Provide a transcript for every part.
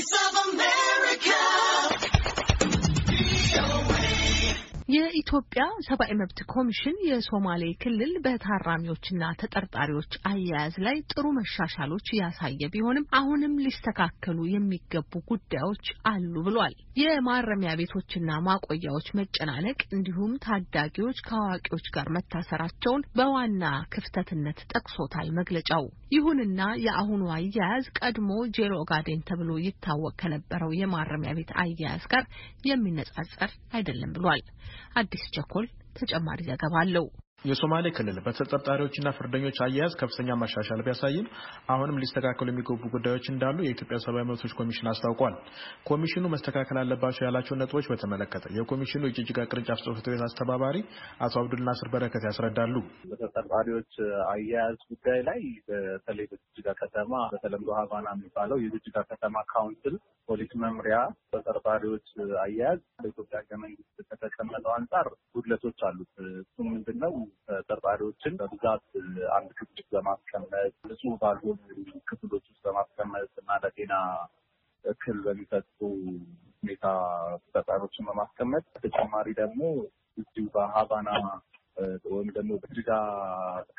voice of የኢትዮጵያ ሰብአዊ መብት ኮሚሽን የሶማሌ ክልል በታራሚዎችና ተጠርጣሪዎች አያያዝ ላይ ጥሩ መሻሻሎች ያሳየ ቢሆንም አሁንም ሊስተካከሉ የሚገቡ ጉዳዮች አሉ ብሏል። የማረሚያ ቤቶችና ማቆያዎች መጨናነቅ እንዲሁም ታዳጊዎች ከአዋቂዎች ጋር መታሰራቸውን በዋና ክፍተትነት ጠቅሶታል መግለጫው። ይሁንና የአሁኑ አያያዝ ቀድሞ ጄሎ ጋዴን ተብሎ ይታወቅ ከነበረው የማረሚያ ቤት አያያዝ ጋር የሚነጻጸር አይደለም ብሏል። አዲስ አዲስ ቸኮል ተጨማሪ ዘገባ አለው። የሶማሌ ክልል በተጠርጣሪዎችና ፍርደኞች አያያዝ ከፍተኛ ማሻሻል ቢያሳይም አሁንም ሊስተካከሉ የሚገቡ ጉዳዮች እንዳሉ የኢትዮጵያ ሰብአዊ መብቶች ኮሚሽን አስታውቋል። ኮሚሽኑ መስተካከል አለባቸው ያላቸው ነጥቦች በተመለከተ የኮሚሽኑ የጅጅጋ ቅርንጫፍ ጽሕፈት ቤት አስተባባሪ አቶ አብዱል ናስር በረከት ያስረዳሉ። በተጠርጣሪዎች አያያዝ ጉዳይ ላይ በተለይ በጅጅጋ ከተማ በተለምዶ ሀቫና የሚባለው የጅጅጋ ከተማ ካውንስል ፖሊስ መምሪያ ተጠርጣሪዎች አያያዝ በኢትዮጵያ ሕገ መንግስት ከተቀመጠው አንጻር ጉድለቶች አሉት። እሱ ምንድን ነው ተጠርጣሪዎችን በብዛት አንድ ክፍል በማስቀመጥ ንጹህ ባልሆኑ ክፍሎች ውስጥ በማስቀመጥ እና ለጤና እክል በሚፈጥሩ ሁኔታ ተጠርጣሪዎችን በማስቀመጥ በተጨማሪ ደግሞ እዚሁ በሀባና ወይም ደግሞ በጅዳ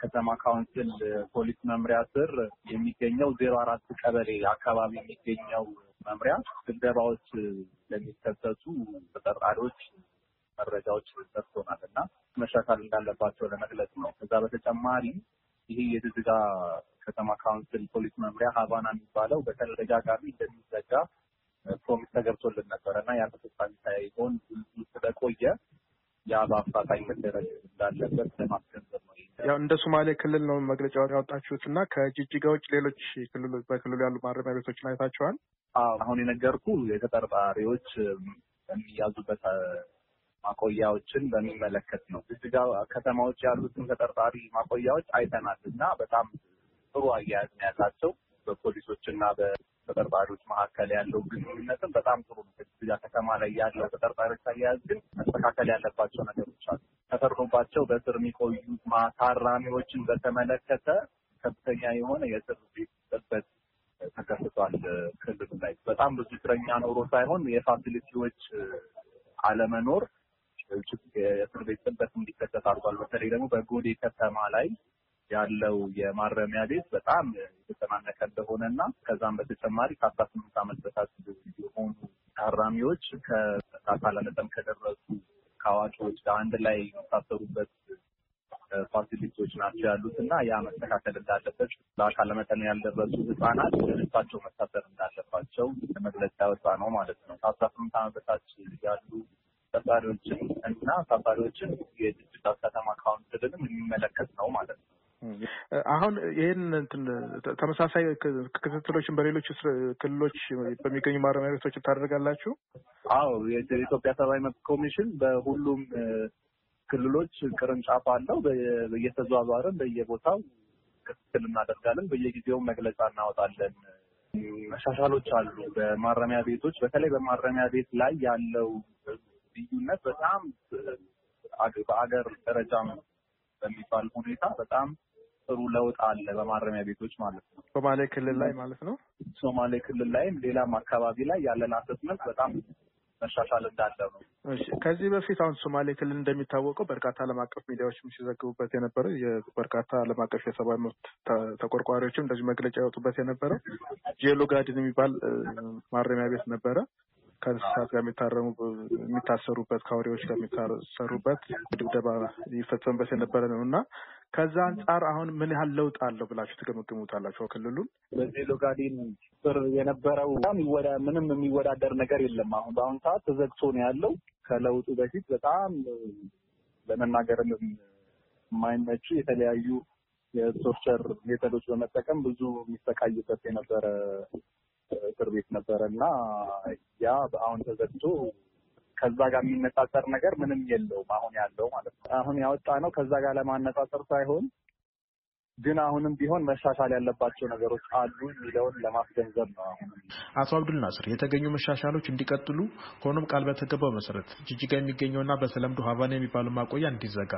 ከተማ ካውንስል ፖሊስ መምሪያ ስር የሚገኘው ዜሮ አራት ቀበሌ አካባቢ የሚገኘው መምሪያ ድብደባዎች ለሚከሰቱ ተጠርጣሪዎች መረጃዎች ደርሶናል። መሻሻል እንዳለባቸው ለመግለጽ ነው። ከዛ በተጨማሪ ይሄ የጅግጅጋ ከተማ ካውንስል ፖሊስ መምሪያ ሀቫና የሚባለው በተደጋጋሚ እንደሚዘጋ ፕሮሚስ ተገብቶልን ነበረ እና ያ ተፈጻሚ ሳይሆን ስለቆየ ያ በአፋጣኝ መደረግ እንዳለበት ለማስገንዘብ ነው። ያው እንደ ሶማሌ ክልል ነው መግለጫ ያወጣችሁት እና ከጅጅጋ ውጭ ሌሎች ክልሎች በክልሉ ያሉ ማረሚያ ቤቶችን አይታችኋል? አሁን የነገርኩ የተጠርጣሪዎች የሚያዙበት ማቆያዎችን በሚመለከት ነው። እዚህ ከተማዎች ያሉትን ተጠርጣሪ ማቆያዎች አይተናል እና በጣም ጥሩ አያያዝ ነው ያላቸው በፖሊሶች በተጠርጣሪዎች መካከል ያለው ግንኙነትም በጣም ጥሩ ነው። ከተማ ላይ ያለው ተጠርጣሪዎች አያያዝ ግን መስተካከል ያለባቸው ነገሮች አሉ። ተፈርዶባቸው በእስር የሚቆዩ ታራሚዎችን በተመለከተ ከፍተኛ የሆነ የእስር ቤት ጥበት ተከስቷል። ክልሉ ላይ በጣም ብዙ እስረኛ ኖሮ ሳይሆን የፋሲሊቲዎች አለመኖር የእስር ቤት ጥበት እንዲከሰት አድርጓል። በተለይ ደግሞ በጎዴ ከተማ ላይ ያለው የማረሚያ ቤት በጣም የተጨናነቀ እንደሆነ እና ከዛም በተጨማሪ ከአስራ ስምንት ዓመት በታች የሆኑ ታራሚዎች ከአካለ መጠን ከደረሱ ከአዋቂዎች ጋር አንድ ላይ የታሰሩበት ፋሲሊቲዎች ናቸው ያሉት እና ያ መስተካከል እንዳለበት ለአካለ መጠን ያልደረሱ ህጻናት ልባቸው መታሰር እንዳለባቸው መግለጫ ወጣ ነው ማለት ነው። ከአስራ ስምንት ዓመት በታች ያሉ አስጠባሪዎችን እና አሳፋሪዎችን የድጅታል ከተማ ካውንስልንም የሚመለከት ነው ማለት ነው። አሁን ይህን እንትን ተመሳሳይ ክትትሎችን በሌሎች ክልሎች በሚገኙ ማረሚያ ቤቶች ታደርጋላችሁ? አዎ የኢትዮጵያ ሰብአዊ መብት ኮሚሽን በሁሉም ክልሎች ቅርንጫፍ አለው። እየተዘዋወርን በየቦታው ክትትል እናደርጋለን። በየጊዜውም መግለጫ እናወጣለን። መሻሻሎች አሉ። በማረሚያ ቤቶች በተለይ በማረሚያ ቤት ላይ ያለው ልዩነት በጣም በአገር ደረጃም በሚባል ሁኔታ በጣም ጥሩ ለውጥ አለ በማረሚያ ቤቶች ማለት ነው። ሶማሌ ክልል ላይ ማለት ነው። ሶማሌ ክልል ላይም ሌላም አካባቢ ላይ ያለን አሰስመንት በጣም መሻሻል እንዳለ ነው። ከዚህ በፊት አሁን ሶማሌ ክልል እንደሚታወቀው በርካታ ዓለም አቀፍ ሚዲያዎችም ሲዘግቡበት የነበረው በርካታ ዓለም አቀፍ የሰብአዊ መብት ተቆርቋሪዎችም እንደዚህ መግለጫ ያወጡበት የነበረው ጄሎ ጋድን የሚባል ማረሚያ ቤት ነበረ። ከእንስሳት ጋር የሚታረሙ የሚታሰሩበት ከአውሬዎች ጋር የሚታሰሩበት ድብደባ ይፈጸምበት የነበረ ነው እና ከዛ አንጻር አሁን ምን ያህል ለውጥ አለው ብላችሁ ትገመግሙታላችሁ? ክልሉን በዚህ ሎጋዲን ስር የነበረው ምንም የሚወዳደር ነገር የለም። አሁን በአሁኑ ሰዓት ተዘግቶ ነው ያለው። ከለውጡ በፊት በጣም ለመናገርም የማይመች የተለያዩ የቶርቸር ሜተዶች በመጠቀም ብዙ የሚሰቃይበት የነበረ እስር ቤት ነበረ እና ያ አሁን ተዘግቶ ከዛ ጋር የሚነጻጸር ነገር ምንም የለውም። አሁን ያለው ማለት ነው። አሁን ያወጣ ነው ከዛ ጋር ለማነጻጸር ሳይሆን ግን አሁንም ቢሆን መሻሻል ያለባቸው ነገሮች አሉ የሚለውን ለማስገንዘብ ነው። አቶ አብዱልናስር የተገኙ መሻሻሎች እንዲቀጥሉ፣ ሆኖም ቃል በተገባው መሰረት ጅጅጋ የሚገኘውና በተለምዶ ሀቫና የሚባለው ማቆያ እንዲዘጋ፣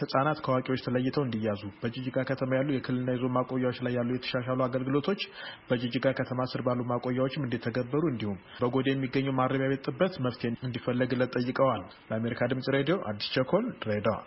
ህጻናት ከአዋቂዎች ተለይተው እንዲያዙ፣ በጅጅጋ ከተማ ያሉ የክልልና ይዞ ማቆያዎች ላይ ያሉ የተሻሻሉ አገልግሎቶች በጅጅጋ ከተማ ስር ባሉ ማቆያዎችም እንዲተገበሩ፣ እንዲሁም በጎዴ የሚገኘው ማረሚያ ቤት ጥበት መፍትሄ እንዲፈለግለት ጠይቀዋል። ለአሜሪካ ድምጽ ሬዲዮ አዲስ ቸኮል ድሬዳዋ